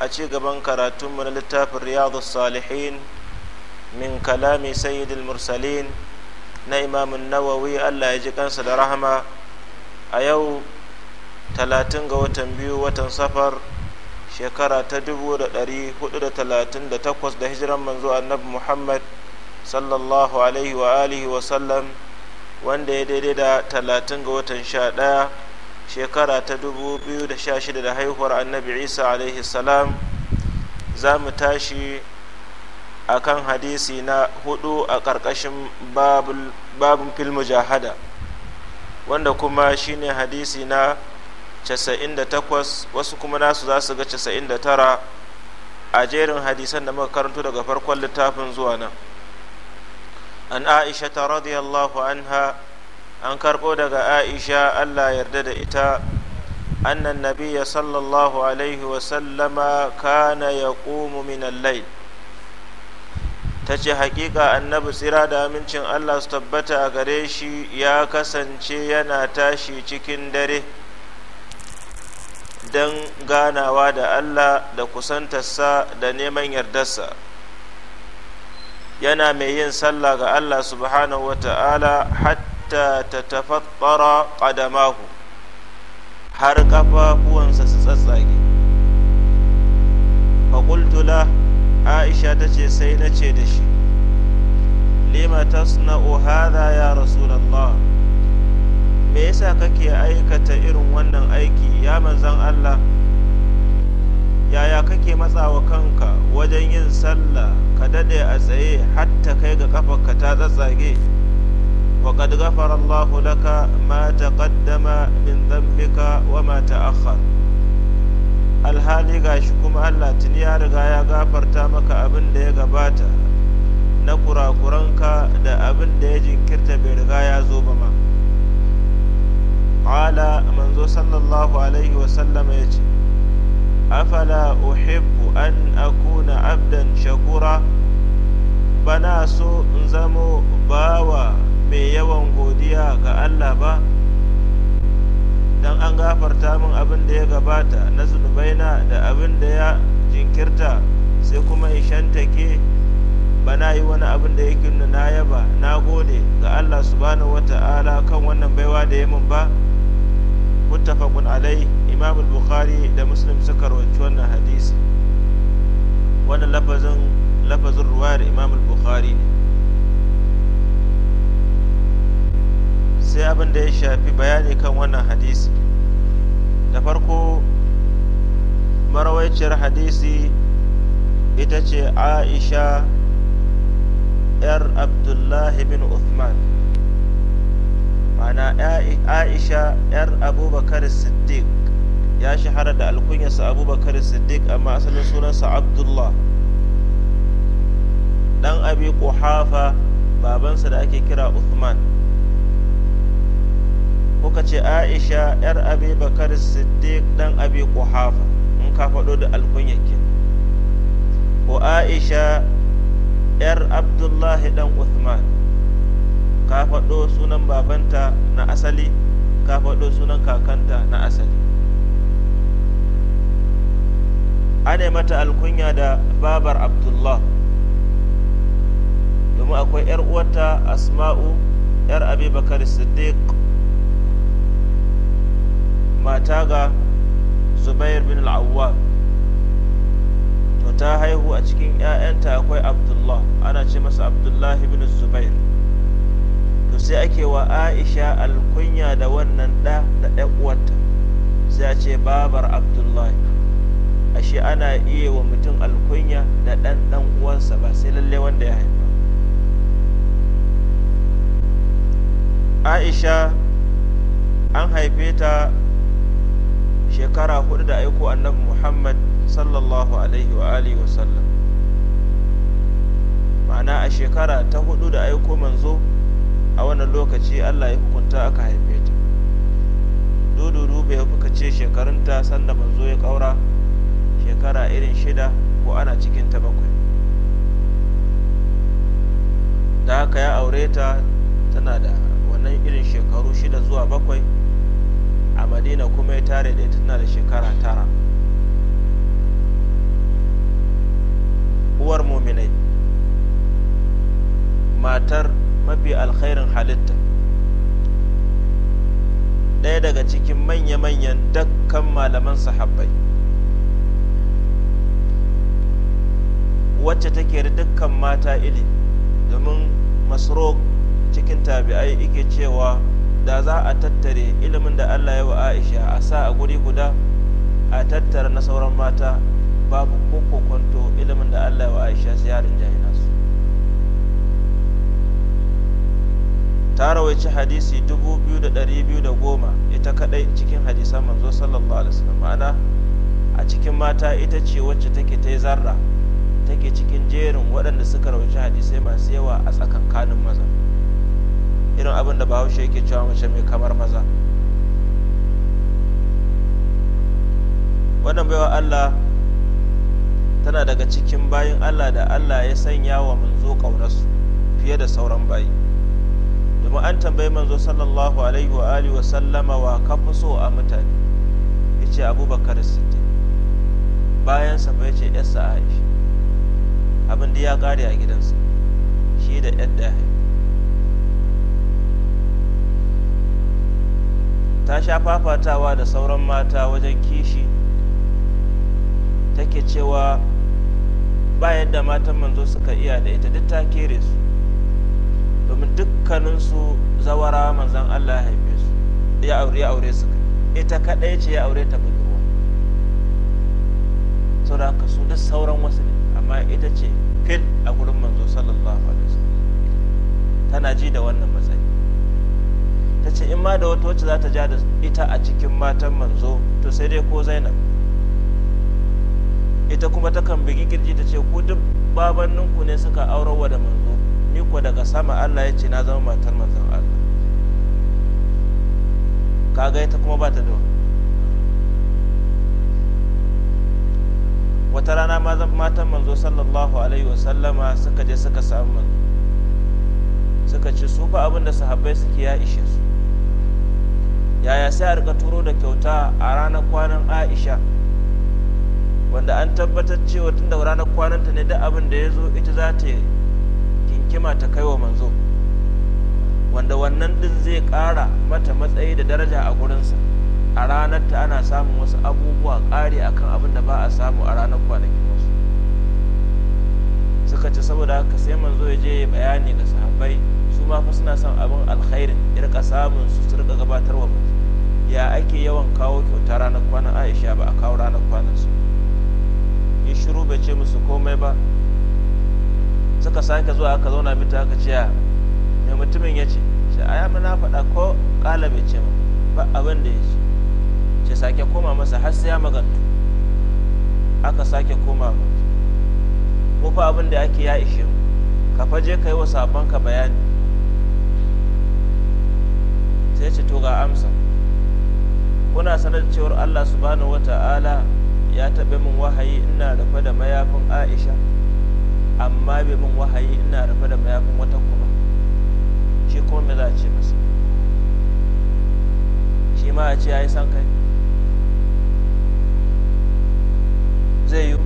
a ci gaban karatunmu na littafin riyadu salihin min kalami sayyidul mursalin na imamun nawawi allah ya ji kansa da rahama a yau talatin ga watan biyu watan safar shekara ta dubu da ɗari hudu da talatin da takwas da hijiran manzo annabi muhammad sallallahu alaihi wa alihi wasallam wanda ya daidai da talatin ga watan sha ɗaya shekara ta 2016 da haihuwar annabi isa alaihi salam za mu tashi a kan hadisi na hudu a ƙarƙashin babin filmu jahada wanda kuma shine hadisi na 98 wasu kuma nasu za su ga 99 a jerin hadisan da makarantu daga farkon littafin zuwa nan an aisha ta radiyallahu anha an karɓo daga aisha allah yarda da ita annan nabiya sallallahu alaihi wasallama kana ya ƙumu minan lai ta ce hakika annabi tsira da amincin allah su tabbata a gare shi ya kasance yana tashi cikin dare don ganawa da allah da kusantarsa da neman yardarsa yana mai yin sallah ga allah subhanahu wa ta'ala hatta hatta tatafattara qadamahu har kafafuwansa su tsatsage faƙultula aisha ta ce sai na ce da shi lima tasna'u hadha ya rasulallah me yasa kake aikata irin wannan aiki ya manzan allah yaya kake matsawa kanka wajen yin sallah ka dade a tsaye hatta kai ga kafarka ta tsatsage وقد غفر الله لك ما تقدم من ذنبك وما تأخر alhali shi kuma Allah tuni ya riga ya gafarta maka abin da ya gabata na kurakuranka da abin da ya jinkirta bai riga ya zo ba ma qala manzo sallallahu alaihi wa sallama yace afala uhibbu an akuna abdan shakura bana so in zamo bawa mai yawan godiya ga Allah ba don an gafarta min abin da ya gabata na zunubaina da abin da ya jinkirta sai kuma in shantake ba na yi wani abin da yake nuna na yaba na gode ga Allah subhanahu wata'ala kan wannan baiwa da ya min ba muttafaqun alai imam bukhari da muslim suka rawaito wannan hadisi wannan lafazin lafazin ruwayar imam bukhari ne sai abin da ya shafi bayani kan wannan hadisi da farko marawaiciyar hadisi ita ce aisha yar abdullahi bin uthman mana aisha yar abubakar siddiq ya shahara da alkunyarsa abubakar siddiq amma asalin sunansa abdullah dan abi kuhafa babansa da ake kira uthman kuka ce aisha yar abi bakar siddiq dan abi kuhafa in ka faɗo da ke ko aisha yar abdullahi dan uthman ka faɗo sunan babanta na asali ka faɗo sunan kakanta na asali ana mata alkunya da babar abdullah domin akwai 'yar uwarta asma'u 'yar abi bakar siddiq mata ga zubair bin al'awwa to ta haihu a cikin 'ya'yanta akwai abdullah ana ce masa abdullahi bin zubair to sai ake wa aisha alkunya da wannan ɗa da ɗan'uwarta sai a ce babar abdullahi ashe ana iya wa mutum alkunya da ɗan ɗan uwansa ba sai lalle wanda ya haifa aisha an haife ta shekara hudu da aiko annabi muhammad sallallahu alaihi wa alihi wasallam ma'ana a shekara ta hudu da aiko manzo a wannan lokaci allah ya hukunta aka haife ta dudu bai kuka ce shekarunta sanda manzo ya kaura shekara irin shida ko ana cikin ta bakwai da haka ya aure ta tana da wannan irin shekaru shida zuwa bakwai a madina kuma ya tare da ita tana da shekara tara uwar muminai matar mafi alkhairin halitta ɗaya daga cikin manya-manyan dakkan malaman sahabbai wacce take da dukkan mata ili, domin masro cikin tabi'ai ike cewa da za a tattare ilimin da Allah ya wa Aisha a sa a guri guda a tattara na sauran mata babu ko kokonto ilimin da Allah ya wa Aisha ziyarin jahina su ta rawaici hadisi 2210 ita kadai cikin hadisan manzo sallallahu alaihi wasallam ma'ana a cikin mata ita ce wacce take ta yi zarra take cikin jerin waɗanda suka rawaici hadisai masu yawa a tsakankanin mazan. irin abin da bahaushe yake cewa mace mai kamar maza wannan baiwa allah tana daga cikin bayin allah da allah ya sanya wa manzo ƙaunarsu fiye da sauran bayi domin an tambayi manzo sallallahu alaihi wa alihi wa sallama wa ka fi so a mutane ya ce abubakar sitte bayan sa ya ce yarsa aisha abin da ya kare a gidansa shi da yadda ya ta sha fafatawa da sauran mata wajen kishi take cewa ba yadda matan manzo suka iya da ita duk ta kere su domin dukkaninsu zawara manzan allah ya haife su ya aure ya aure su ita kaɗai ce ya aure ta budurwa sau da haka su duk sauran wasu ne amma ita ce fil a gurin manzo sallallahu alaihi wasallam tana ji da wannan matsayi ta ce in ma da wata wacce za ta ja da ita a cikin matan manzo to sai dai ko zainab ita kuma takan bigi kirji ta ce ku duk babanninku ne suka wa da manzo ni kuwa daga sama allah ya ce na zama matar manzon allah kaga ita kuma ba ta da wata rana matan manzo sallallahu alaihi wasallama suka je suka samu manzo suka ce su fa abin da sahabbai suke ya ishe su yaya sai a rika turo da kyauta a ranar kwanan aisha wanda an tabbatar cewa tun da ranar kwananta ne duk abin da ya zo ita za ta kinkima ta kai wa manzo wanda wannan din zai ƙara mata matsayi da daraja a gurinsa a ranar ta ana samun wasu abubuwa kare akan abin da ba a samu a ranar kwanakin wasu suka ci saboda haka sai manzo ya je ya bayani ga sahabbai ma fa suna son abin alkhairin irka samun su su rika gabatar wa mutum ya ake yawan kawo kyauta ranar kwanan aisha ba a kawo ranar kwanan su yi shiru bai ce musu komai ba suka sake zuwa aka zauna mita aka ce ya mutumin ya ce shi a na faɗa ko ƙala bai ce ba abin da ya ce ce sake koma masa har sai ya magantu aka sake koma ko fa abin da ake ya ishe ka faje ka yi wa sabon ka bayani sai ce to ga amsa kuna sanar cewar Allah subhanahu wata'ala ya taɓa min wahayi ina rufe da mayafin Aisha amma bai min wahayi ina rufe da mayafin wata kuma shi kuma me za a ce masa shi ma a ce ya yi san kai zai yi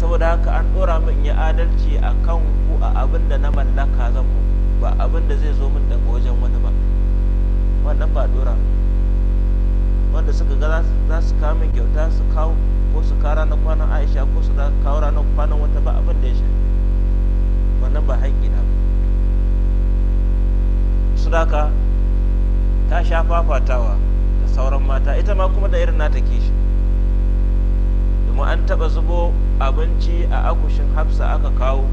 saboda haka an ɗora min ya adalci a kan ku a abin da na mallaka zan mu ba abin da zai zo min daga wajen wani ba wannan ba dora wanda suka ga za su kawo min kyauta su kawo ko su kawo ranar kwanan aisha ko su kawo ranar kwanan wata ba abin da ya shi wannan ba haƙƙi na ba su daka ta sha fafatawa da sauran mata ita ma kuma da irin nata shi. domin an taɓa zubo abinci a akushin hafsa aka kawo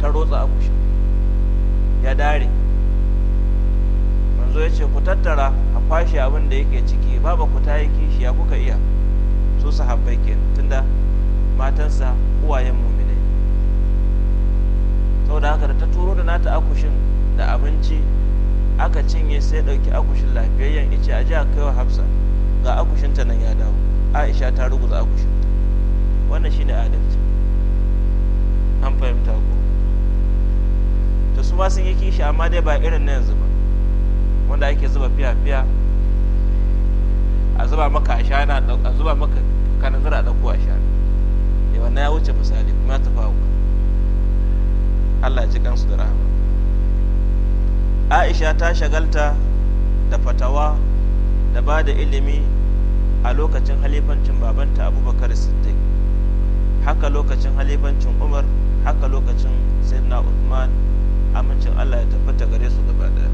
ta rotsa akushin ya dare manzo ya ce ku tattara a kwashe abin da yake ciki babu ku ta yi kishiya kuka iya su sahabbai ke tunda matansa uwayen muminai saboda haka da ta turo da nata akushin da abinci aka cinye sai ɗauki akushin lafiyayyen ice a ji a kaiwa hafsa ga akushinta nan ya dawo aisha ta ruguza akushinta wannan shine adalci an fahimta ku to su ma sun yi kishi amma dai ba irin na yanzu ba wanda ake zuba fiya-fiya a zuba maka a shana a zuba maka kanan zira da a shana ya eh, wannan ya wuce misali kuma ya tafi hauka Allah ya ji kansu da rahama Aisha ta shagalta da fatawa da ba da ilimi a lokacin halifancin babanta abubakar siddiq haka lokacin halifancin umar haka lokacin sayyidina uthman amincin Allah ya tabbata gare su gaba ɗaya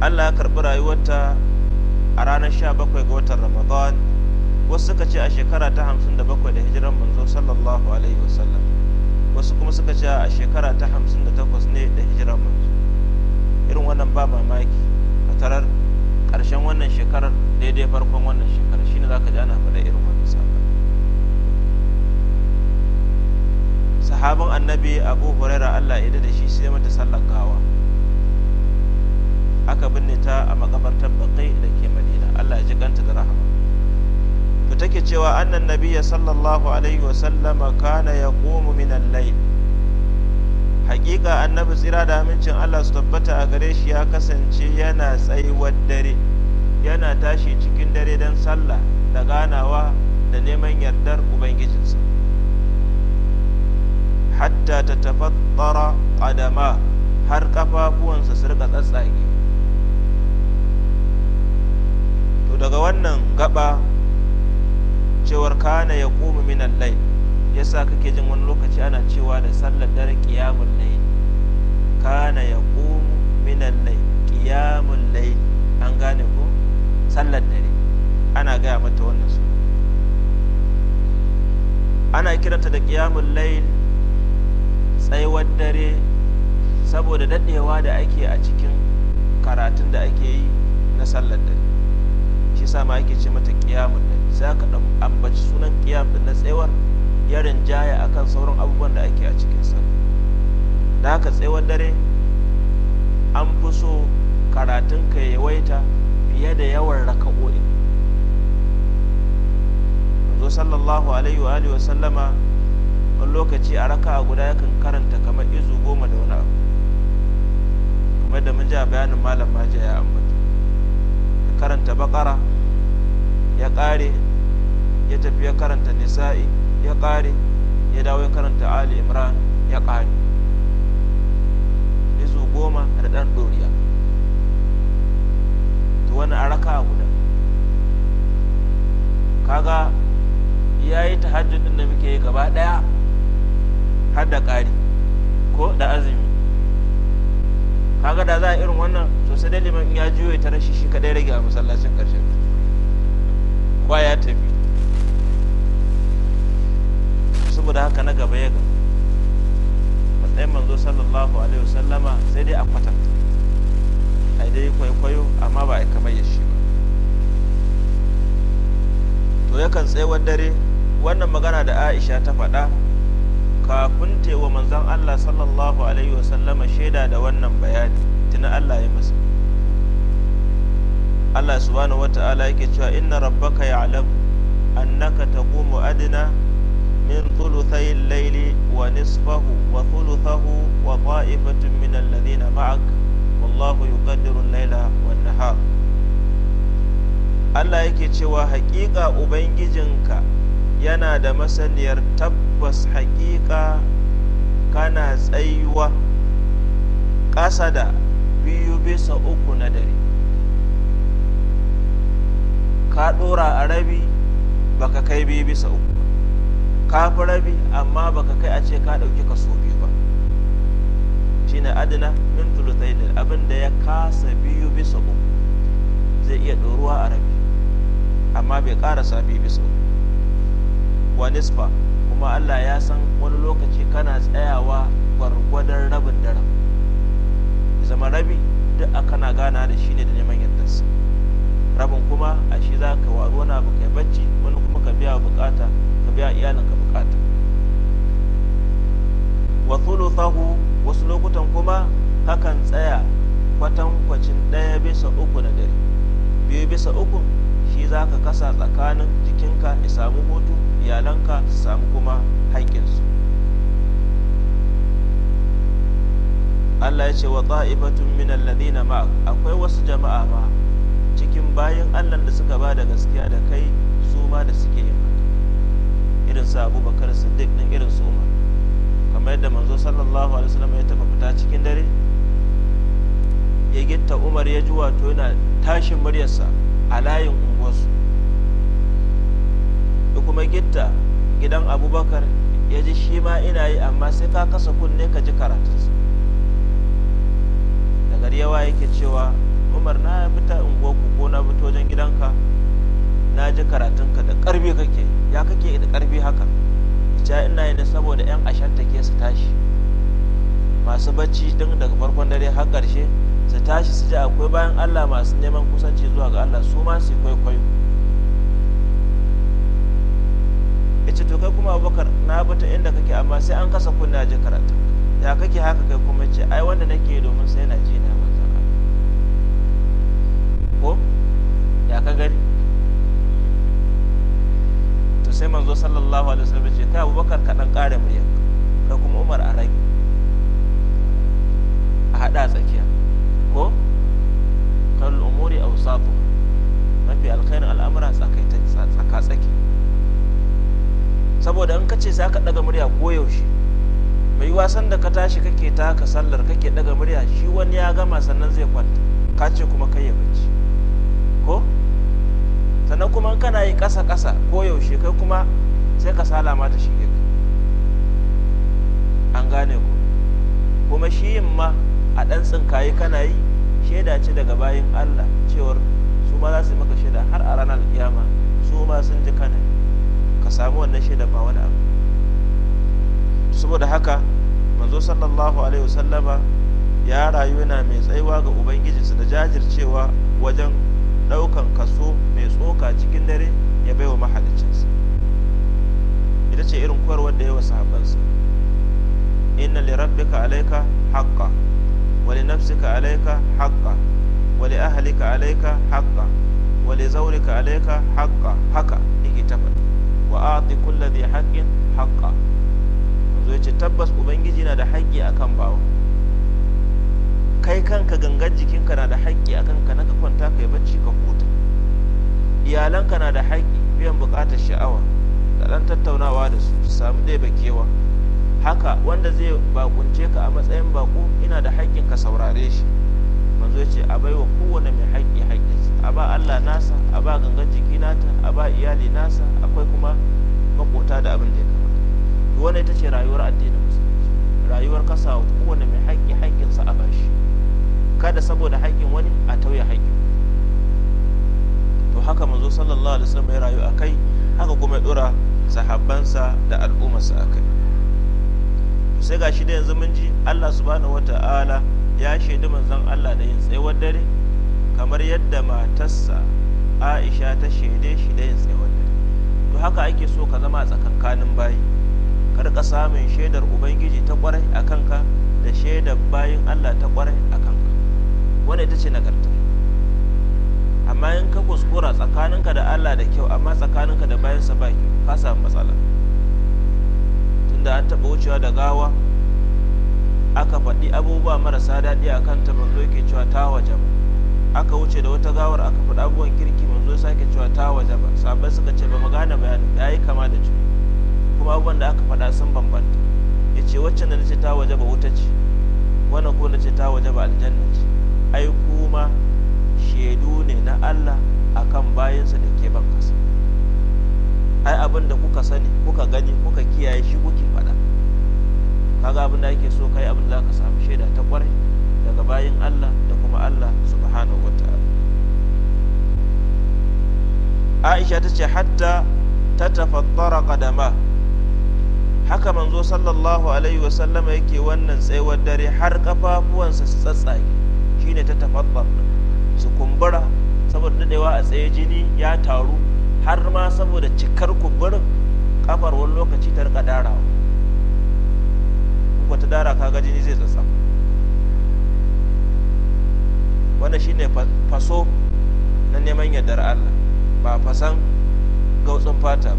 Allah ya karɓi rayuwarta a ranar 17 ga watan Ramadan wasu suka ce a shekara ta 57 da hijiran manzo sallallahu alaihi wasallam wasu kuma suka ce a shekara ta 58 ne da hijiran manzo irin wannan ba mamaki a tarar ƙarshen wannan shekarar daidai farkon wannan shekarar shine zaka ji ana faɗa irin wannan sahaban annabi abu huraira allah ya da shi sai mata sallar gawa aka binne ta a makabartar baƙi da ke madina allah ya ji ganta da rahama to take cewa annan nabiya sallallahu alaihi wa sallama kana ya komu minan lai hakika annabi tsira da amincin allah su tabbata a gare shi ya kasance yana tsayuwar dare yana tashi cikin dare don sallah da ganawa da neman yardar ubangijinsa hatta ta tafattara ƙadama har ƙafafuwansa su rika tsatsage to daga wannan gaba cewar kana ya kuma minan lai ya sa kake jin wani lokaci ana cewa da sallar dare ƙiyamun lai kana ya ƙomi minan lai ƙiyamun lai an gane ko sallar dare ana gaya mata wannan su ana kiranta da ƙiyamun lai tsaiwar dare saboda daɗewa da ake a cikin karatun da ake yi na sallar dare shi sama ake ce mata kiyamun da sai ka ambaci sunan ƙiyam din na tsaiwar ya rinjaya akan sauran abubuwan da ake a cikin sallar da haka tsaiwar dare an fi so karatun ka yawaita fiye da yawan raka'o'in zo sallallahu alaihi wa sallama wani lokaci a raka guda yakan karanta kamar izu goma da wani abu kamar da mun ji a bayanin malam maja ya ambata ya karanta bakara ya kare ya tafi ya karanta nisa'i ya kare ya dawo ya karanta ali imran ya kare izu goma da dan doriya to wani a raka guda kaga ya yi ta din da muke gaba daya har da ƙari ko da azumi kaga da za a irin wannan to sai dai liman ya juyo ta rashi shi kadai rage a masallacin ƙarshen kwa ya tafi saboda haka na gaba ya ga matsayin manzo sallallahu alaihi wasallama sai dai a kwatanta Ai dai kwaikwayo amma ba a kamar ya shi ba to yakan tsayawar dare wannan magana da aisha ta faɗa kafin tewa manzan Allah sallallahu alaihi wasallama shaida da wannan bayani tuna Allah ya masa Allah subhanahu wata'ala yake cewa inna rabbaka ya'lamu annaka taqumu adna min thuluthay al-layli wa nisfahu wa thuluthahu wa ta'ifatun min alladhina ma'ak wallahu yuqaddiru al-layla wan-nahar Allah yake cewa haƙiƙa ubangijinka yana da masaniyar tabbata tabbas haƙiƙa kana tsayuwa ƙasa da biyu bisa uku na dare ka ɗora a rabi baka kai biyu bisa uku ka fi rabi amma baka kai a ce ka ɗauki kaso biyu ba shine adana min tulutai da abin da ya kasa biyu bisa uku zai iya ɗoruwa a rabi amma bai ƙarasa biyu bisa uku wa nisfa kuma allah ya san wani lokaci kana tsayawa gwargwadon rabin da rabin zama rabi duk a kana gana da shi ne da neman yardarsa rabin kuma a shi za ka waro na abu kai bacci wani kuma ka biya bukata ka biya ka bukata wa thuluthahu wasu lokutan kuma hakan tsaya kwatankwacin ɗaya bisa uku na dare biyu bisa uku shi za ka kasa tsakanin jikinka ya samu hutu iyalanka su samu kuma haƙƙinsu Allah ya ce wa minan min alladhina ma akwai wasu jama'a ma cikin bayan Allah da suka ba da gaskiya da kai su ma da suke yin irin su Abubakar Siddiq din irin su Umar kamar yadda manzo sallallahu alaihi wasallam ya fita cikin dare ya Umar ya ji wato yana tashin muryarsa a layin unguwarsu kuma gitta gidan abubakar ya ji shi ma ina yi amma sai ka kasa kunne ka ji karatunsa da gari yawa yake cewa umar na fita unguwarku ko na fito wajen gidanka na ji karatunka da karbi kake ya kake da karbi haka ita ina yi ne saboda yan ashanta ke su tashi masu bacci tun daga farkon dare har karshe su tashi su ji akwai bayan allah masu neman kusanci zuwa ga allah su ma su kwaikwayo to kai kuma abubakar na bata inda kake amma sai an kasa kunna ji karatu ya kake haka kai kuma ce ai wanda nake domin sai na ji na manzan ko ya ka gani to sai manzo sallallahu alaihi wasallam ce kai abubakar ka dan kare murya ka kuma umar a rage a hada tsakiya ko kal umuri awsatu mafi alkhairin al'amura tsaka tsaki saboda in ka ce za ka daga murya koyaushe mai wasan da ka tashi kake ta taka sallar kake daga murya shi wani ya gama sannan zai kwanta ka ce kuma kai ya bacci ko sannan kuma kana yi ƙasa ƙasa koyaushe kai kuma sai ka sala ma ta shige ka an gane ku kuma shi yin ma a ɗan tsinkaye kana yi shaida ce daga bayan allah cewar su ma za su maka shaida har a ranar kiyama su ma sun ji kana ka samu wannan da ba wani abu saboda haka manzo sallallahu alaihi wasallama ya rayu yana mai tsaiwa ga ubangijinsa da jajircewa wajen daukan kaso mai tsoka cikin dare ya baiwa wa mahalicinsa ita ce irin koyarwar da yawa sahabansa inna li rabbika alaika haqqa wa li nafsika alaika haqqa wa li ahlika alaika haqqa wa li zawrika alaika haqqa haka yake tabbata wa a'ti kulli dhi haqqin haqqa yanzu yace tabbas ubangiji na da haƙƙi akan bawa kai kanka gangan jikinka na da haƙƙi akan ka na ka kwanta kai bacci ka huta iyalanka na da haƙƙi biyan buƙatar sha'awa da ɗan tattaunawa da su su samu ɗaya bakewa haka wanda zai bakunce ka a matsayin bako ina da haƙƙin ka saurare shi manzo ya ce a baiwa kowane mai haƙƙi haƙƙi a ba allah nasa a ba gangan jiki nata a ba iyali nasa akwai kuma makota da abin da ya kamata wannan ita ce rayuwar addinin musulunci rayuwar kasa kowane mai haƙƙi haƙƙinsa a bashi kada saboda haƙƙin wani a tauye haƙƙin to haka manzo sallallahu alaihi wasallam ya rayu a kai haka kuma ya dora sahabbansa da al'ummarsa a kai sai gashi da yanzu mun ji Allah subhanahu wata'ala ya shaidi manzon Allah da yin tsayuwar dare kamar yadda matarsa aisha ta shaide shi da yin tsayawar dare to haka ake so ka zama a tsakankanin bayi kar ka samun shaidar ubangiji ta kwarai a kanka da shaidar bayin allah ta kwarai a kanka wanda ita ce nagarta amma in ka kuskura tsakaninka da allah da kyau amma tsakaninka da bayansa ba kyau ka samu matsala tunda an taɓa wucewa da gawa aka faɗi abubuwa marasa daɗi a kan ta zo yake cewa ta waje ba aka wuce da wata gawar aka faɗa abubuwan kirki zo sake cewa ta waje ba sabai suka ce ba mu gane bayanin ya yi kama da juna kuma abubuwan da aka faɗa sun bambanta ya ce waccan da na ce ta waje ba wuta ce wannan kuma na ce ta waje ba aljanna ce ai kuma shaidu ne na Allah akan bayansa da ke ban kasa ai abin da kuka sani kuka gani kuka kiyaye shi kuke faɗa kaga abin da ake so kai abin da za ka samu shaida ta kwarai daga bayin Allah kuma Allah subhanahu wa ta'ala Aisha tace hatta tatafattara qadama haka manzo sallallahu alaihi wa sallama yake wannan tsayuwar dare har kafafuwansa su tsatsage shine tatafattar su kumbura saboda dadewa a tsaye jini ya taru har ma saboda cikar kumburin kafar wani lokaci ta rika darawa ko ta dara kaga jini zai tsatsa. wanda shine faso na neman yardar Allah ba fasan gautsin fata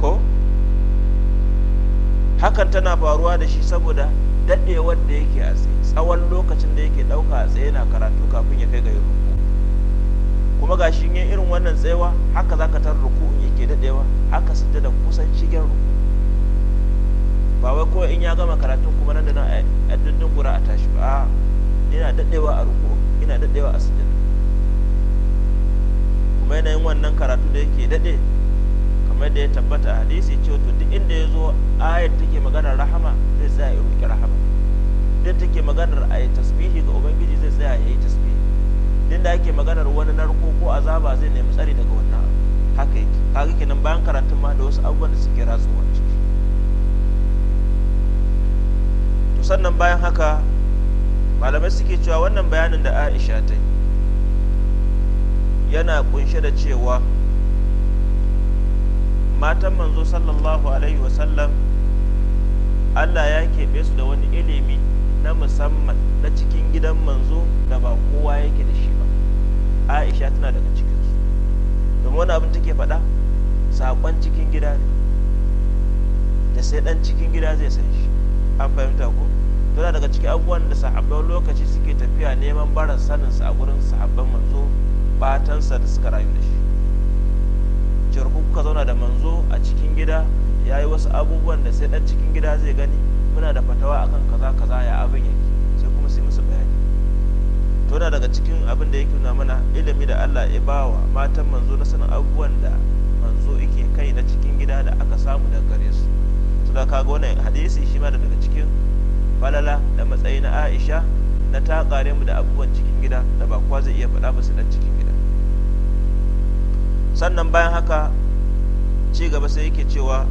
ko hakan tana faruwa da shi saboda daɗewar da yake a tsaye tsawon lokacin da yake ɗauka a tsaye na karatu kafin ya kai ga ruku kuma ga shi yin irin wannan tsayawa haka za ka tar ruku yake daɗewa haka su da kusan cikin ruku ba wai kawai in ya gama karatun kuma nan da nan a dundun gura a tashi ba ina daɗewa a ruku ina daɗewa a sujjada kuma yanayin wannan karatu da yake daɗe kamar da ya tabbata a hadisi cewa to duk inda ya zo ayar take maganar rahama zai tsaya ya roƙi rahama duk take maganar a yi tasbihi ga ubangiji zai tsaya ya yi tasbihi duk da ake maganar wani narko ko azaba zai nemi tsari daga wannan haka yake kaga kenan bayan karatun ma da wasu abubuwan da suke ratsuwa ciki to sannan bayan haka malamai suke cewa wannan bayanin da aisha ta yana kunshe da cewa matan manzo sallallahu alaihi wasallam allah ya keɓe su da wani ilimi na musamman na cikin gidan manzo da ba kowa yake da shi ba aisha tana daga cikinsu domin wani abin take faɗa saƙon cikin gida ne da sai ɗan cikin gida zai san shi an fahimta ko yana daga cikin abubuwan da sahabban lokaci suke tafiya neman barin saninsa a gurin sahabban manzo batansa da suka rayu da shi jirgu kuka zauna da manzo a cikin gida ya yi wasu abubuwan da sai ɗan cikin gida zai gani muna da fatawa akan kaza kaza ya abin yake sai kuma sai musu bayani to yana daga cikin abin da yake nuna mana ilimi da Allah ya ba wa matan manzo na sanin abubuwan da manzo yake kai na cikin gida da aka samu daga gare su to da kaga wannan hadisi shi ma da daga falala da matsayi na aisha na ta kare mu da abubuwan cikin gida da ba kowa zai iya faɗa ba su cikin gida sannan bayan haka ci gaba sai yake cewa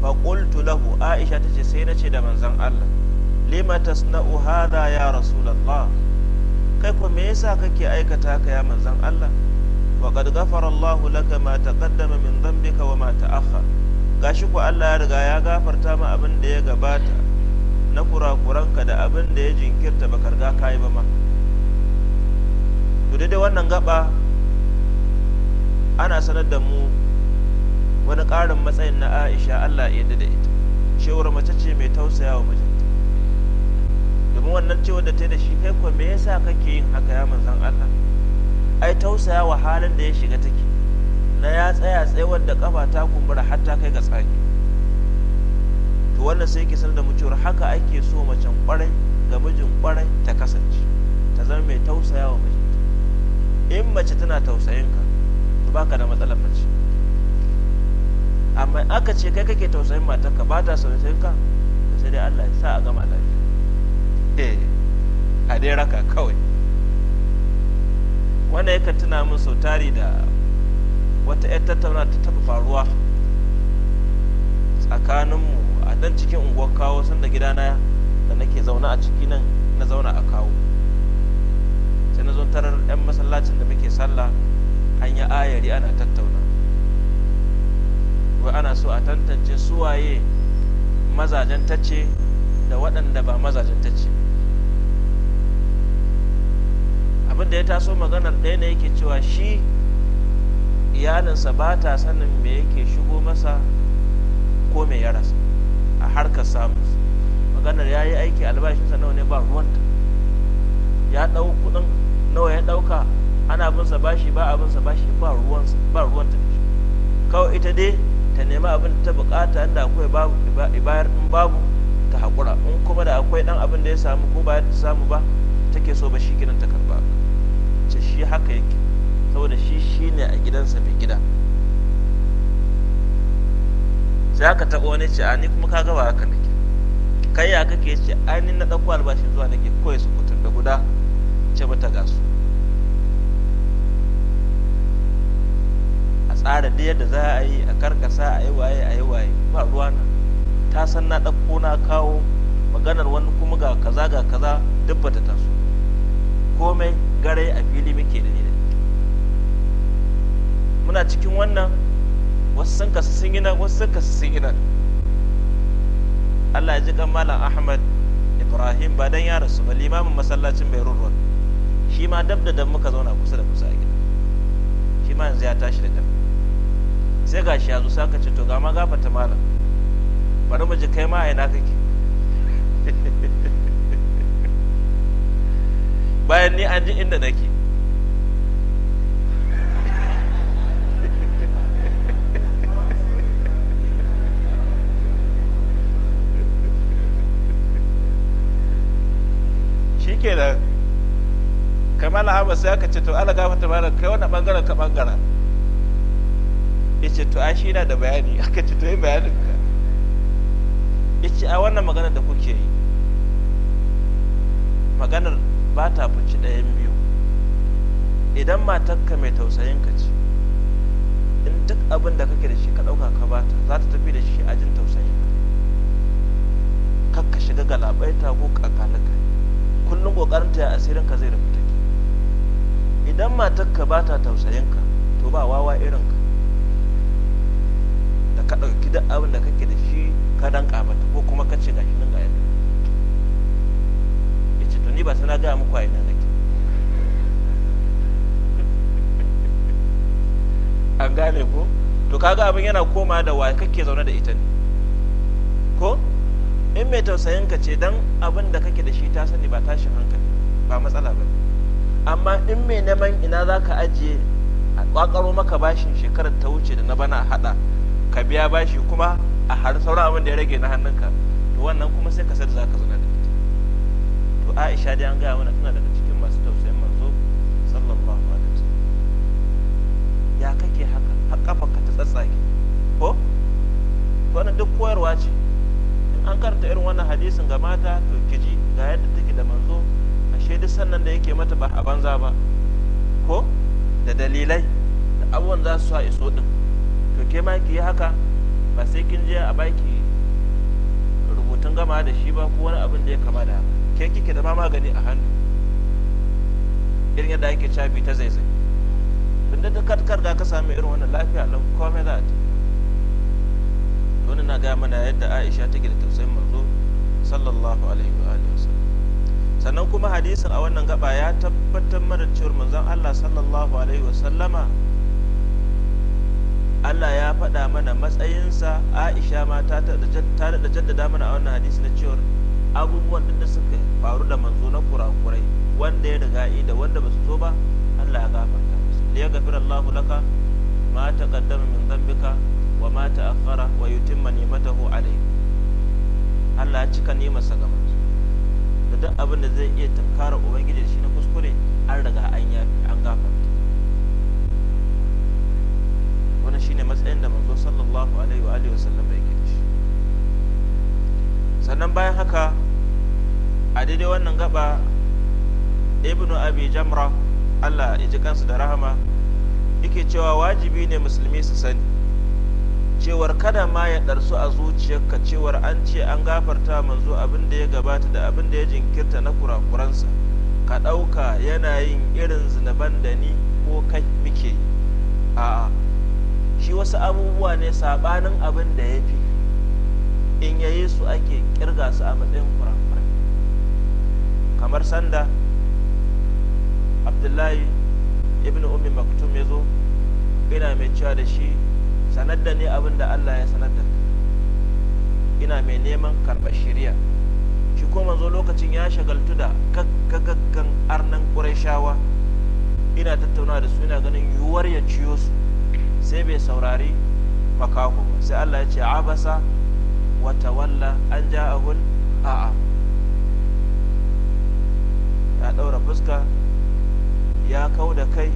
fa qultu lahu aisha tace sai nace da manzon Allah lima tasna'u hadha ya rasulullah kai ko me yasa kake aikata ka ya manzon Allah wa qad ghafara Allahu laka ma taqaddama min dhanbika wa ma ta'akhkhara gashi ko Allah ya riga ya gafarta ma abin da ya gabata na kurakuranka da abin da ya jinkirta ba karga kayi ba ma to daidai wannan gaba ana sanar da mu wani ƙarin matsayin na aisha allah ya yarda da ita cewar mace ce mai tausaya wa mijinta domin wannan cewar da ta da shi kai kuwa me yasa kake yin haka ya manzan allah ai tausaya wa halin da ya shiga take na ya tsaya tsayawar da kafa ta kumbura har ta kai ga tsaki to wannan sai yake sanar da mu cewa haka ake so macen kwarai ga mijin kwarai ta kasance ta zama mai tausaya wa mijin in mace tana tausayin ka to baka da matsalar mace amma aka ce kai kake tausayin matarka ba ta tausayin ka to sai dai Allah ya sa a gama lafiya eh a dai raka kawai wannan yakan tuna min sau tari da wata 'yar tattauna ta taɓa faruwa tsakaninmu dan cikin unguwar kawo sanda gidana da nake zaune a ciki nan na zauna a kawo sai na zo tarar yan masallacin da muke sallah an yi ayari ana tattauna wai ana so a tantance su waye mazajen tace da waɗanda ba mazajen tace abin da ya taso maganar ɗaya ne yake cewa shi iyalinsa ba ta sanin me yake shigo masa ko me ya rasa harkar samun maganar ya yi aiki albashinsa nawa ne ba ruwanta ya ɗau kuɗin nawa ya ɗauka ana abinsa bashi ba abinsa bashi ba ruwanta kawai ita dai ta nemi abin ta bukata inda akwai babu bayar in babu ta haƙura in kuma da akwai ɗan abin da ya samu ko ba ta samu ba take so ba shi gidan ta karba ce shi haka yake saboda shi shine a gidansa mai gida sai aka taɓa wani ce a ni kuma ka gaba haka nake kai ya kake ce ai na ɗauko albashi zuwa nake kawai su kutun da guda ce mata ga su a tsara da yadda za a yi a karkasa a yi waye a yi waye ba ruwa na ta san na ɗauko na kawo maganar wani kuma ga kaza ga kaza duk bata taso komai gare a fili muke da ni muna cikin wannan wasu sun kasu sun yi nan wasu sun kasu sun yi nan Allah ya ji kan malam Ahmad Ibrahim ba dan ya rasu ba limamin masallacin Beirut Road shi ma dab da dab muka zauna kusa da kusa a gida shi ma yanzu ya tashi da dab sai ga shi ya zo saka ce to ga ma gafata malam bari mu ji kai ma a ina kake bayan ni an ji inda nake sai aka ce to ala gafarta malam kai wannan bangaren ka bangaren yace to a shi na da bayani aka ce to yi bayanin ka yace a wannan maganar da kuke yi maganar ba ta fuci ɗayan biyu idan matarka mai tausayin ka ce in duk abin da kake da shi ka ɗauka ka bata za ta tafi da shi jin tausayin ka kakka shiga galabaita ko kakalaka kullum ƙoƙarinta ya asirin ka zai rufe idan matarka ba ta tausayinka to ba wawa irinka da ka ɗauki duk abin da kake da shi ka dan mata ko kuma ka ce gashi nan ga yadda ya ce to ni ba sana gaya muku a ina nake an gane ko to kaga abin yana koma da wa kake zaune da ita ne ko in mai tausayinka ce dan abin da kake da shi ta sani ba tashin hankali ba matsala ba amma in mai neman ina za ka ajiye a kwakaro maka bashin shekarar ta wuce da na bana hada ka biya bashi kuma a har sauran abin da ya rage na hannunka to wannan kuma sai ka sai da za ka zana da ita to aisha dai an gaya mana tana daga cikin masu tausayin manzo sallallahu alaihi wasallam ya kake haka har kafarka ta tsatsage ko to wannan duk koyarwa ce in an karanta irin wannan hadisin ga mata to kiji ga yadda duk sannan da yake mata ba a banza ba ko da dalilai da abubuwan za su sa iso din to ke ma ki yi haka ba sai kin je a baki rubutun gama da shi ba ko wani abin da ya kama da ke kike da ma magani a hannu irin yadda ake cabi ta zaizai tun da karkar ga ka sami irin wannan lafiya lau komai za a ta wani na gaya mana yadda aisha take da tausayin manzo sallallahu alaihi wa alihi sannan kuma hadisin a wannan gaba ya tabbatar mana cewar manzon Allah sallallahu alaihi wasallama Allah ya faɗa mana matsayinsa Aisha ma ta da jaddada mana a wannan hadisi na cewar abubuwan da suka faru da manzo na kurakurai wanda ya riga da wanda ba su ba Allah ya gafarta musu li yaghfir Allah laka ma taqaddama min dhanbika wa ma ta'akhkhara wa yutimma ni'matahu alayk Allah ya cika nimarsa gaba duk abin da zai iya tunkara ubangiji shi na kuskure an riga an yafi an gafarta wannan shine matsayin da manzo sallallahu alaihi wa alihi wasallam bai kira shi sannan bayan haka a daidai wannan gaba ibnu abi jamra Allah ya ji kansu da rahama yake cewa wajibi ne musulmi su sani cewar kada ma ya ɗarsu a zuciyarka cewar an ce an gafarta manzo abin da ya gabata da abin da ya jinkirta na kurakuransa ka ɗauka yana yin irin zinaban da ni ko kai muke a shi wasu abubuwa ne saɓanin abin da ya fi in ya yi su ake kirga su a matsayin kurakurai kamar sanda abdullahi ibn ummi maktum ya zo ina mai cewa da shi sanar da ni abin da Allah ya sanar da ina mai neman karɓar shirya shi ko manzo lokacin ya shagaltu da kakkakkan arnan ƙurashawa ina tattauna da su ina ganin yiwuwar ya ciyo su sai bai saurari makaho sai Allah ya ce abasa wa tawalla an ja ja'ahul a'a ya ɗaura fuska ya kau da kai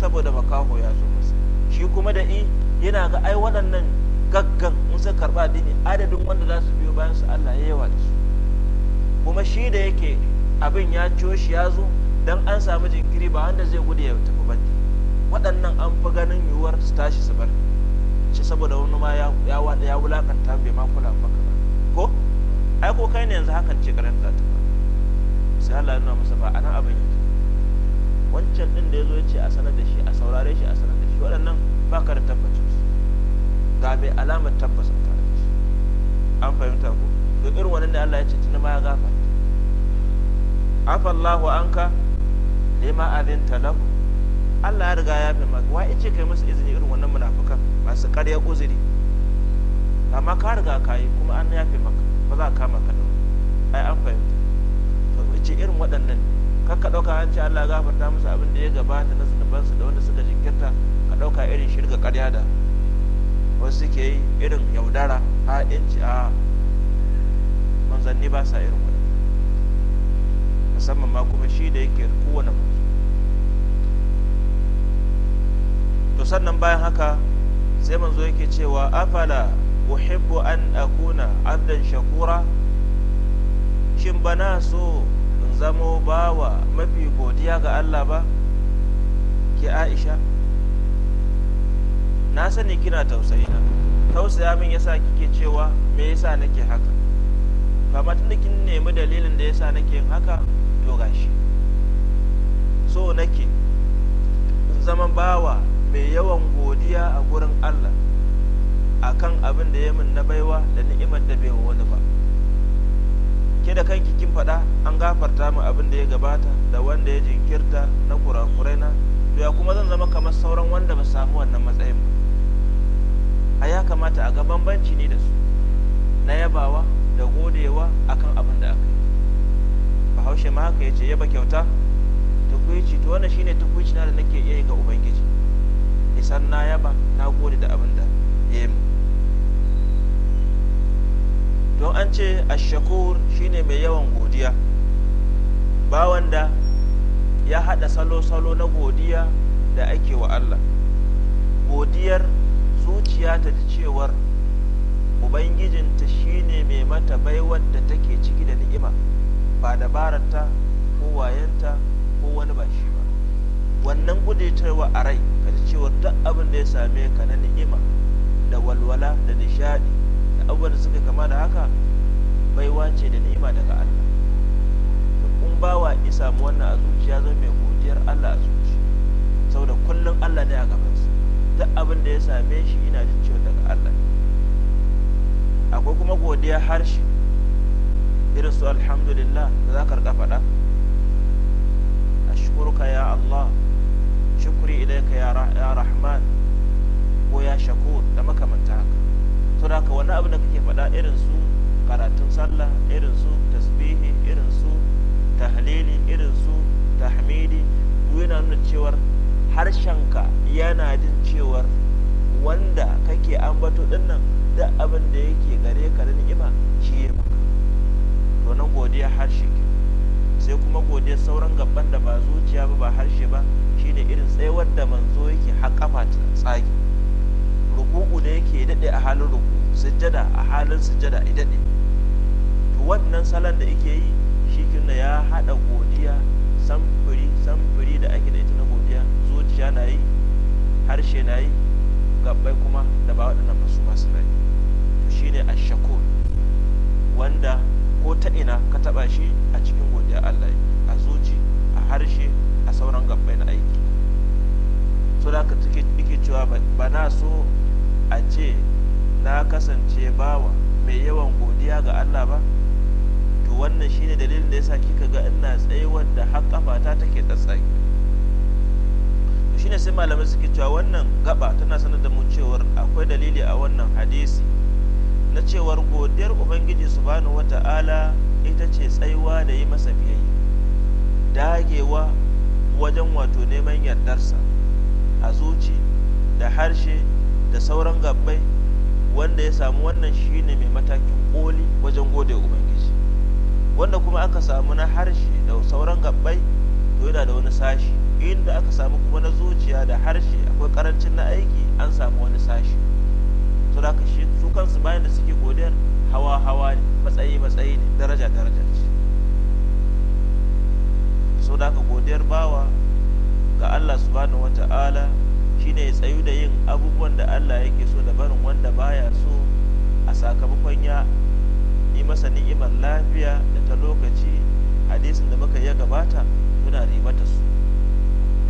saboda makaho ya zo masa shi kuma da i yana ga ai waɗannan gaggan in suka karɓa dini adadin wanda za su biyo bayan su Allah ya yawa da su kuma shi da yake abin ya ciyo shi ya zo don an samu jinkiri ba wanda zai gudu ya tafi ba waɗannan an fi ganin yiwuwar su tashi su bar shi saboda wani ma ya wada ya wulakanta bai ma kula ba ko ai ko kai ne yanzu hakan ce karanta ta sai Allah ya nuna masa ba anan abin yake wancan din da ya zo ya ce a sanar da shi a saurare shi a sanar da shi waɗannan ba ka da tabbacin ga alamar tabbas a tare da shi an fahimta ku to irin wannan da Allah ya ce tuni ma ya gafarta Allahu anka lima adinta lahu Allah ya riga ya fi maka wa ice kai musu izini irin wannan munafukan masu ƙarya uzuri amma ka riga ka yi kuma an fi maka ba za ka kama ka da ai an fahimta to ice irin waɗannan kaka ɗauka an ce Allah ya gafarta musu abin da ya gabata na zunubansu da wanda suka jinkirta ka ɗauka irin shirga ƙarya da wasu suke yi irin yaudara ha'inci a manzanni ba sa irin wani musamman ma kuma shi da yake kowane manzo to sannan bayan haka sai manzo yake cewa afala uhibbu an akuna abdan shakura shin bana so in zamo bawa mafi godiya ga Allah ba ke Aisha na sani kina tausayi na tausaya min yasa kike cewa me yasa nake haka kamar tunda kin nemi dalilin da yasa nake yin haka to gashi so nake zama bawa mai yawan godiya a gurin Allah akan abin da ya min na baiwa da ni'imar da bai wani ba ke da kanki kin faɗa an gafarta mu abin da ya gabata da wanda ya jinkirta na kurakurai na to ya kuma zan zama kamar sauran wanda ba samu wannan matsayin ba a ya kamata a ga bambanci ne da su na yabawa da godewa akan abin da aka yi bahaushe ma haka ya ce yaba kyauta tukuici to wannan shine tukuici na da nake iya yi ga ubangiji isan na yaba na gode da abin da ya yi don an ce ashakur shine mai yawan godiya bawan da ya haɗa salo-salo na godiya da ake wa Allah godiyar zuciya ta ji cewar ubangijinta shine mai mata baiwar da take ciki da ni'ima ba dabararta ko wayanta ko wani ba shi ba wannan gudetarwa a rai ka ji cewar duk abin da ya same ka na ni'ima da walwala da nishadi da abubuwan da suka kama da haka baiwa ce da ni'ima daga Allah ba bawa isa mu wannan a zuciya zai mai godiyar Allah a sau saboda kullum Allah ne a gaba duk abin da ya same shi yana jin ciwo daga Allah akwai kuma godiya harshe irin su alhamdulillah da za ka rika faɗa ashkuruka ya Allah shukuri ilaika ya rahman ko ya shakur da makamanta haka to da ka wani abin da kake faɗa irin su karatun sallah irin su tasbihi irin su tahlili irin su tahmidi yana nuna cewar harshenka yana jin cewar wanda kake ambato din nan da abin da yake gare ka da ni'ima shi ya maka to na godiya harshe ke sai kuma godiya sauran gaban da ba zuciya ba ba harshe ba shine irin tsayawar da manzo yake haƙafa tsagi ruku'u da yake daɗe a halin ruku sujjada a halin sujjada a daɗe to wannan salon da yake yi shi ya haɗa godiya samfuri samfuri da ake da zuciya na yi harshe na yi gabbai kuma da ba waɗannan ba su masu rai to shi ne a ashakur wanda ko ta ina ka taɓa shi a cikin godiya Allah a zuci a harshe a sauran gabbai na aiki so da ka tuke cewa ba na so a ce na kasance bawa mai yawan godiya ga Allah ba to wannan shine dalilin da ya yasa kika ga ina tsayuwar da har ta take tsatsaki shine sai malamai suke cewa wannan gaba tana sanar da mu cewar akwai dalili a wannan hadisi na cewar godiyar ubangiji su subhanahu wata'ala ita ce tsaiwa da yi masa biyayya dagewa wajen wato neman yardarsa a zuci da harshe da sauran gabbai wanda ya samu wannan shine mai matakin koli wajen gode ubangiji wanda kuma aka samu na harshe da sauran gabbai to yana da wani sashi inda aka samu kuma na zuciya da harshe akwai karancin na aiki an samu wani sashi su da shi su kansu bayan da suke godiyar hawa hawa ne matsayi matsayi ne daraja daraja ce so da godiyar bawa ga Allah subhanahu wata'ala shine ya tsayu da yin abubuwan da Allah yake so da barin wanda baya so a sakamakon ya yi masa ni'imar lafiya da ta lokaci hadisin da muka ya gabata muna ribata su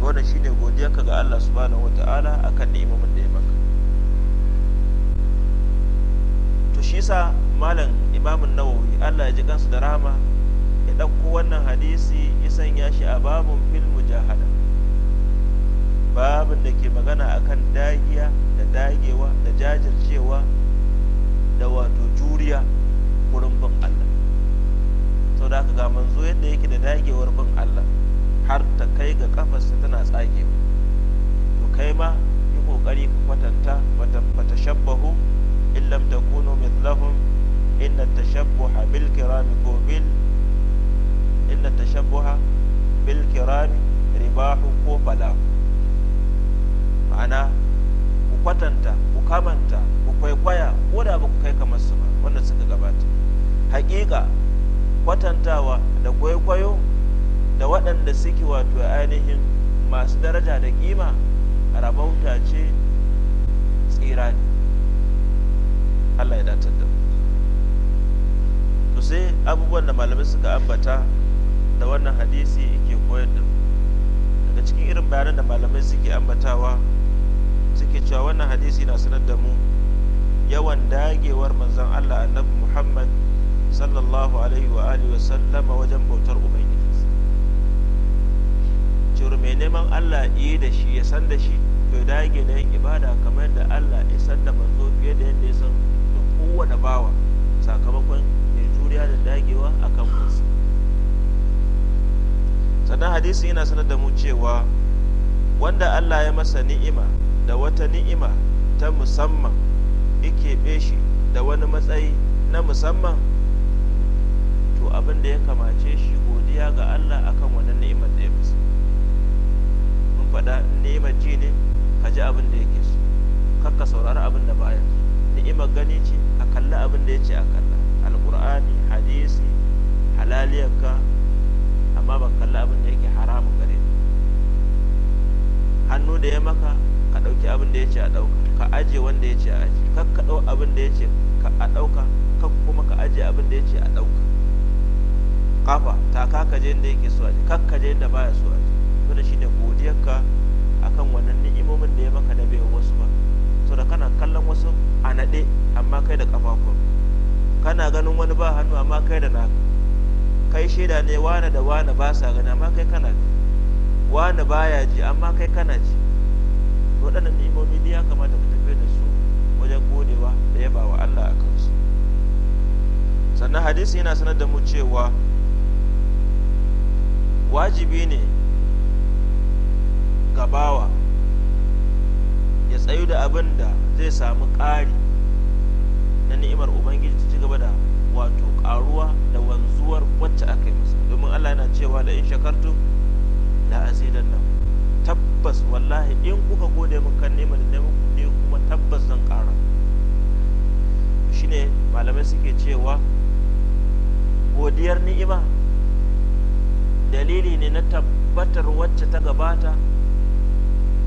wannan shine ka ga Allah subhanahu wata'ala akan ni'imomin da ya maka to shi sa malam imamun nawawi Allah ya ji kansu da rahama ya ɗauko wannan hadisi ya sanya shi a babun fil mujahada babin da ke magana akan dagiya da dagewa da jajircewa da wato juriya wurin bin Allah sau da aka ga manzo yadda yake da dagewar bin Allah har ta kai ga kafarsa tana tsage to kai ma yi kokari ka kwatanta ta shabbahu in ta kuno mitlahun inna tashabbuha bil kirami ko bil inna tashabbuha bil kirami ribahu ko fala ma'ana ku kwatanta ku kamanta ku kwaikwaya ko da ba ku kai kamar su ba wannan suka gabata hakika kwatantawa da kwaikwayo da waɗanda suke wato ainihin masu daraja da kima rabauta ce tsira ne allah ya datar da to sai abubuwan da malamai suka ambata da wannan hadisi yake koyar da daga cikin irin bayanan da malamai suke ambatawa suke cewa wannan hadisi na sanar da mu yawan dagewar manzon allah annabi muhammad sallallahu alaihi wa alihi wa sallama wajen bautar ubangi cewar mai neman Allah yi da shi ya san da shi to ya dage da yin ibada kamar yadda Allah ya san da manzo fiye da yadda ya san da kowane bawa sakamakon mai juriya da dagewa akan kansa sannan hadisi yana sanar da mu cewa wanda Allah ya masa ni'ima da wata ni'ima ta musamman ike shi da wani matsayi na musamman to abin da ya kamace shi godiya ga Allah akan wannan ni'imar faɗa ni'imar ji ne ka ji abin da yake so Kakka saurari abin da baya ni'imar gani ce a kalli abin da ya ce a kalla alƙur'ani hadisi halaliyarka amma ba kalli abin da yake haramun gare hannu da ya maka ka ɗauki abin da ya ce a ɗauka ka aje wanda ya ce a aje kar ka ɗau abin da ya ce a ɗauka kar kuma ka aje abin da ya ce a ɗauka kafa taka ka je inda yake so a je kar ka je inda baya so a tafi da shi ne godiyarka a kan wannan ni'imomin da ya maka na bai wasu ba so da kana kallon wasu a naɗe amma kai da ƙafafun kana ganin wani ba hannu amma kai da naka kai shaida ne wane da wane ba sa gani amma kai kana ji wane ba ya ji amma kai kana ji waɗannan ni'imomi ne ya kamata ka tafi da su wajen godewa da yaba wa Allah a kansu sannan hadisi yana sanar da mu cewa wajibi ne gabawa ya tsayu da abin da zai samu ƙari na ni'imar ubangiji ta ci gaba da wato ƙaruwa da wanzuwar wacce aka yi masa domin allah yana cewa da in shakartu la azidan nan tabbas wallahi in kuka gode mun kan nema da neman ne kuma tabbas zan ƙara shine malamai suke cewa godiyar ni'ima dalili ne na tabbatar wacce ta gabata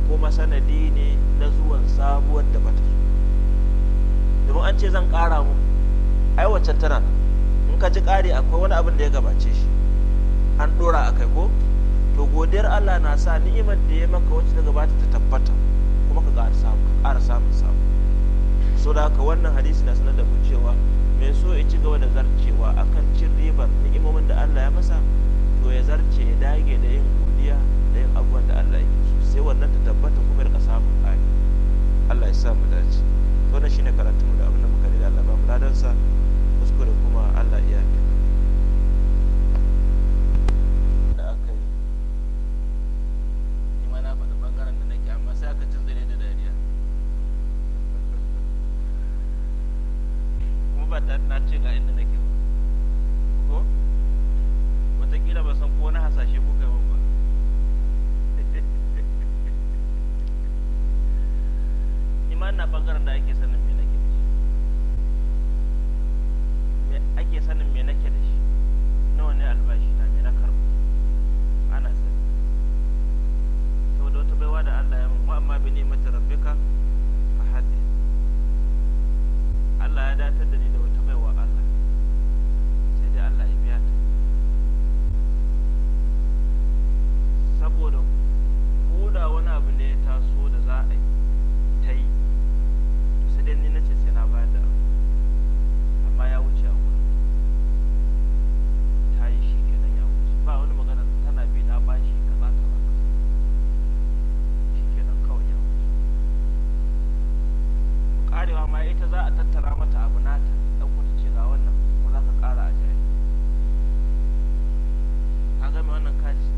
kuma sanadi ne na zuwan sabuwar da bata domin an ce zan ƙara mu ai waccan tana in ka ji kare akwai wani abin da ya gabace shi an ɗora a kai ko to godiyar Allah na sa ni'imar da ya maka wacce ta gabata ta tabbata kuma ka ƙara samun samu so da haka wannan hadisi na sanar da mu cewa mai so ya ci gaba da zarcewa akan cin ribar ni'imomin da Allah ya masa to ya zarce ya dage da yin godiya da yin abubuwan da Allah ke so sai wannan ta tabbata kuma rika mu ƙari Allah ya sa mu dace to na shine karatun mu da abin da muka da Allah ba mu sa kuskure kuma Allah ya yi da aka yi ni ma na faɗa bangaren da nake amma sai aka canza ne da dariya kuma ba ta na ce ga inda nake ko wataƙila ba san ko na hasashe ko kai ba imani ina bangaren da ake sanin me nake da shi me ake sanin me nake da shi nawa ne albashi na me na karbu ana sani da wata baiwa da Allah ya mu amma bi ne mata rabbika fa hadi Allah ya datar da ni da wata baiwa Allah sai dai Allah ya biya ta saboda ko da wani abu ne ya taso da za a yi sai dai ni na ce sai na bayar da abu. amma ya wuce a wurin ta yi shi kenan ya wuce ba wani magana tana bi na bashi kaza kaza shi kenan kawai ya wuce karewa ma ita za a tattara mata abu nata ɗauko ta ce ga wannan ko za ka ƙara a jari ka gama wannan kashi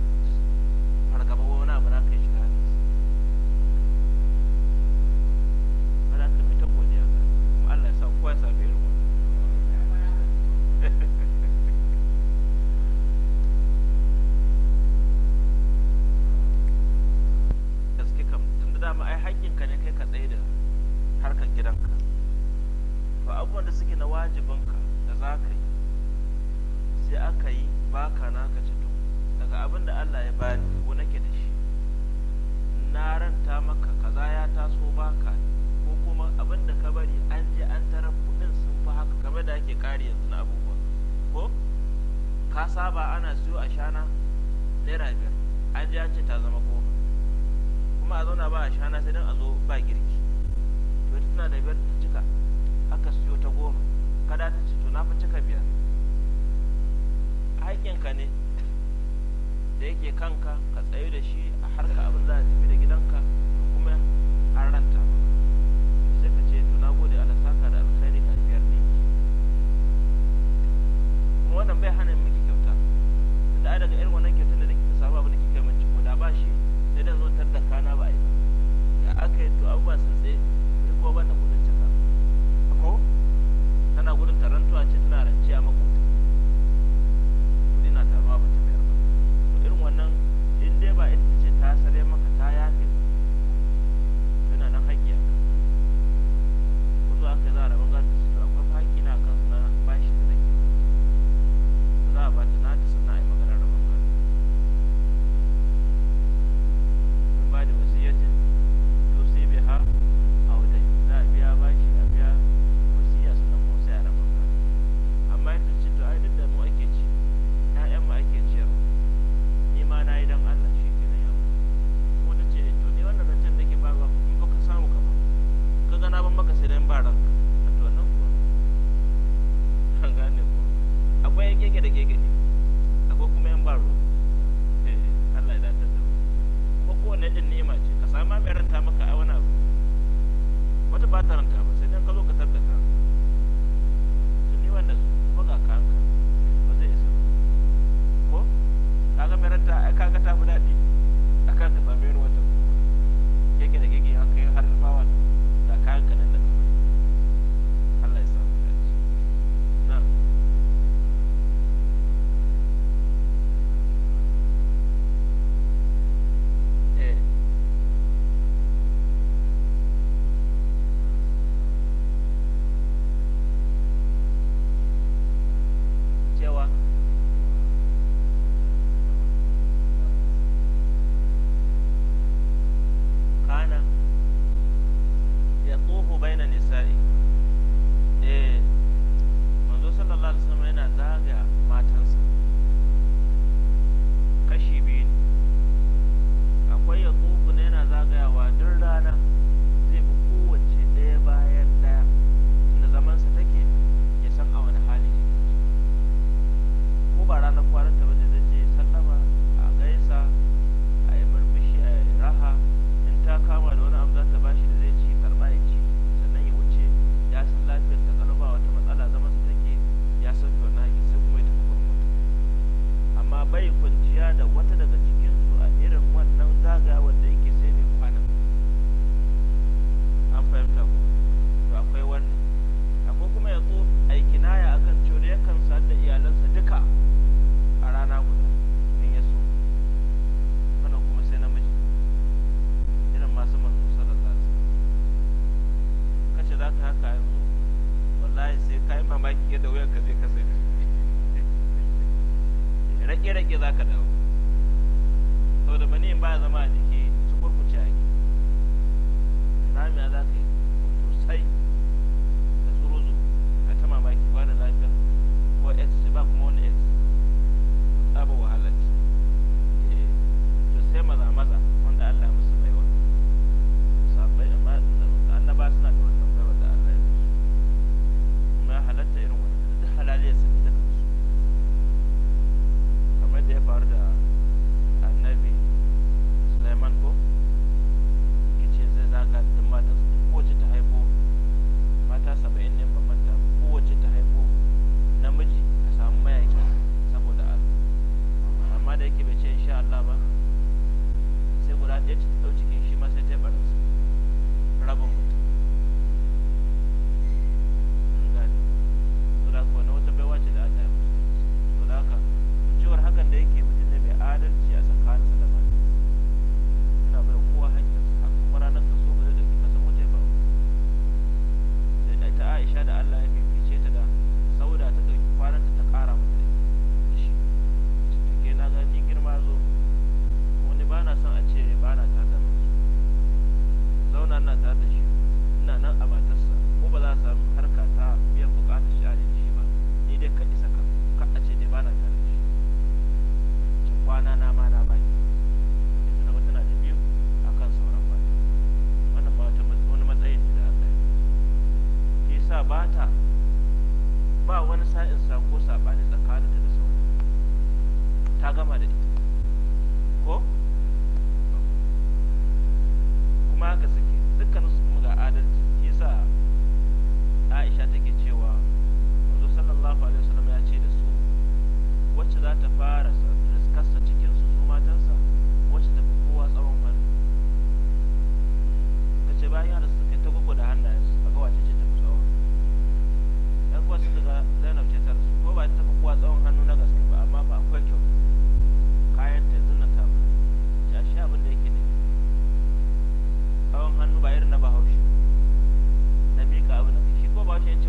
aka yi baka na ka cito daga abin da Allah ya bani ko nake da shi na ranta maka kaza ya taso baka ko kuma abin da ka bari an je an tarar kudin sun fi haka game da ake kari yanzu na abubuwa ko ka saba ana siyo a shana naira biyar an je an ce ta zama goma kuma a zauna ba a shana sai dan a zo ba girki to tana da biyar ta cika aka siyo ta goma kada ta ce to na fi cika biyar haƙinka ne da yake kanka ka tsayu da shi a harka abin za a tafi da gidanka kuma an ranta sai ka ce to na gode ala saka da alkhairi da biyar ne kuma wannan bai hana miki kyauta da ai daga irin wannan kyautar da nake samu abin da kike min ciko da ba shi sai da zo tar da kana ba ai ya aka yi to abubuwa sun tsaye duk ko ba na kudin cika ko tana gudun tarantuwa ce tana rance a mako wannan in dai ba ita ce ta sare maka ta yafe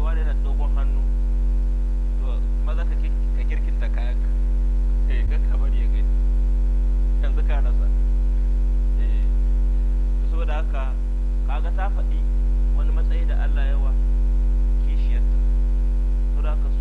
wani yana dogon hannu to maza ka ka girkinta kayan ka eh ga kamar ya gani yanzu ka rasa eh saboda haka kaga ta faɗi wani matsayi da Allah yawa kishiyarta to da haka